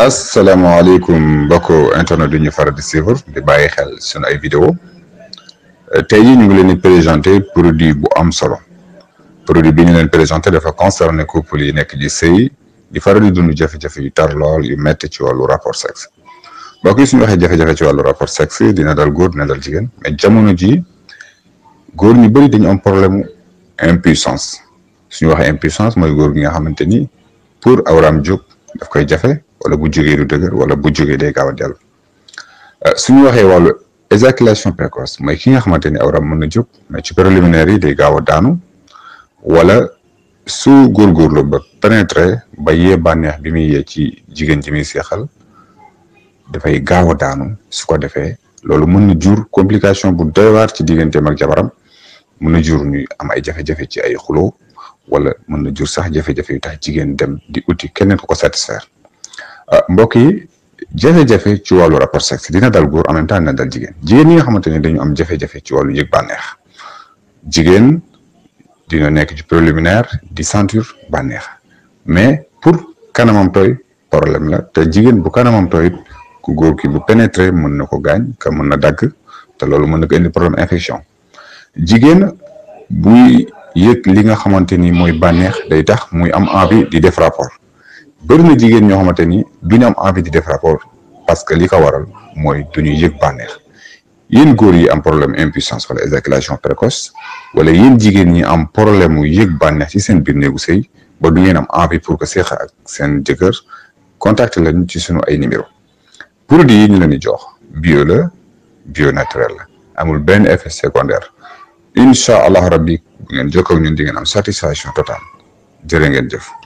asalaamaaleykum mbokku internet du ñu faral di suivre di bàyyi xel suñu ay vidéo tey jii ñu ngi leen di présenté produit bu am solo produit bi ñu leen présenté dafa concerné couple yi nekk di sëy di faral di dund jafe-jafe yu tar lool yu metti ci wàllu rapport sexe mbokk yi suñu waxee jafe-jafe ci wàllu rapport sexe dina dal góor dina dal jigéen mais jamono ji góor ñu bëri dañu am problème impuissance suñu waxee impuissance mooy góor gi nga xamante ni pour awraam jóg daf koy jafe. wala bu jógee du dëgër wala bu jógee day gaaw a dellu euh, suñu waxee wàllu éjaculation précoce mooy ki nga xamante ni awram mën na jóg mais ci préliminaire yi day gaaw a daanu wala su góorgóorlu ba pénétrer ba yee bànneex bi muy yee ci jigéen ji muy seexal dafay gaaw a daanu su ko defee loolu mën na jur complication bu doy waar ci digganteem ak jabaram mën na jur ñuy am ay jafe-jafe ci ay xuloo wala mën na jur sax jafe-jafe tax jigéen dem di uti keneen ko ko satisfaire Ah, mbokk yi jafe-jafe ci wàllu rapport sexe dina dal góor en même temps dina dal jigéen jigéen ñi nga xamante ne dañu am jafe-jafe ci wàllu yëg baneex jigéen dina nekk ci préliminaire di ceinture bànneex mais pour kanamam tooy problème la te jigéen bu kanamam tooy ku góor ki bu pénétrer mën na ko gaañ ka mën na dagg te loolu mën na ko indi problème infection jigéen buy yëg li nga xamante ni mooy bànneex day tax muy am envie di def rapport bëri na jigéen ñoo xamante ni duñu am envie di def rapport parce que li ko waral mooy duñu yëg bànneex yéen góor yi am problème impuissance wala éjaculation précoce wala yéen jigéen ñi am problème mu yëg bànneex ci seen biir néegu sëy ba du ngeen am envie pour que seex ak seen jëkkër contact lañ ci suñu ay numéro produit di ñu leen di jox bio la bio naturel la amul benn effet secondaire incha allah rabbi bu ngeen jokkoo ak ñun di ngeen am satisfaction totale jërë ngeen jëf.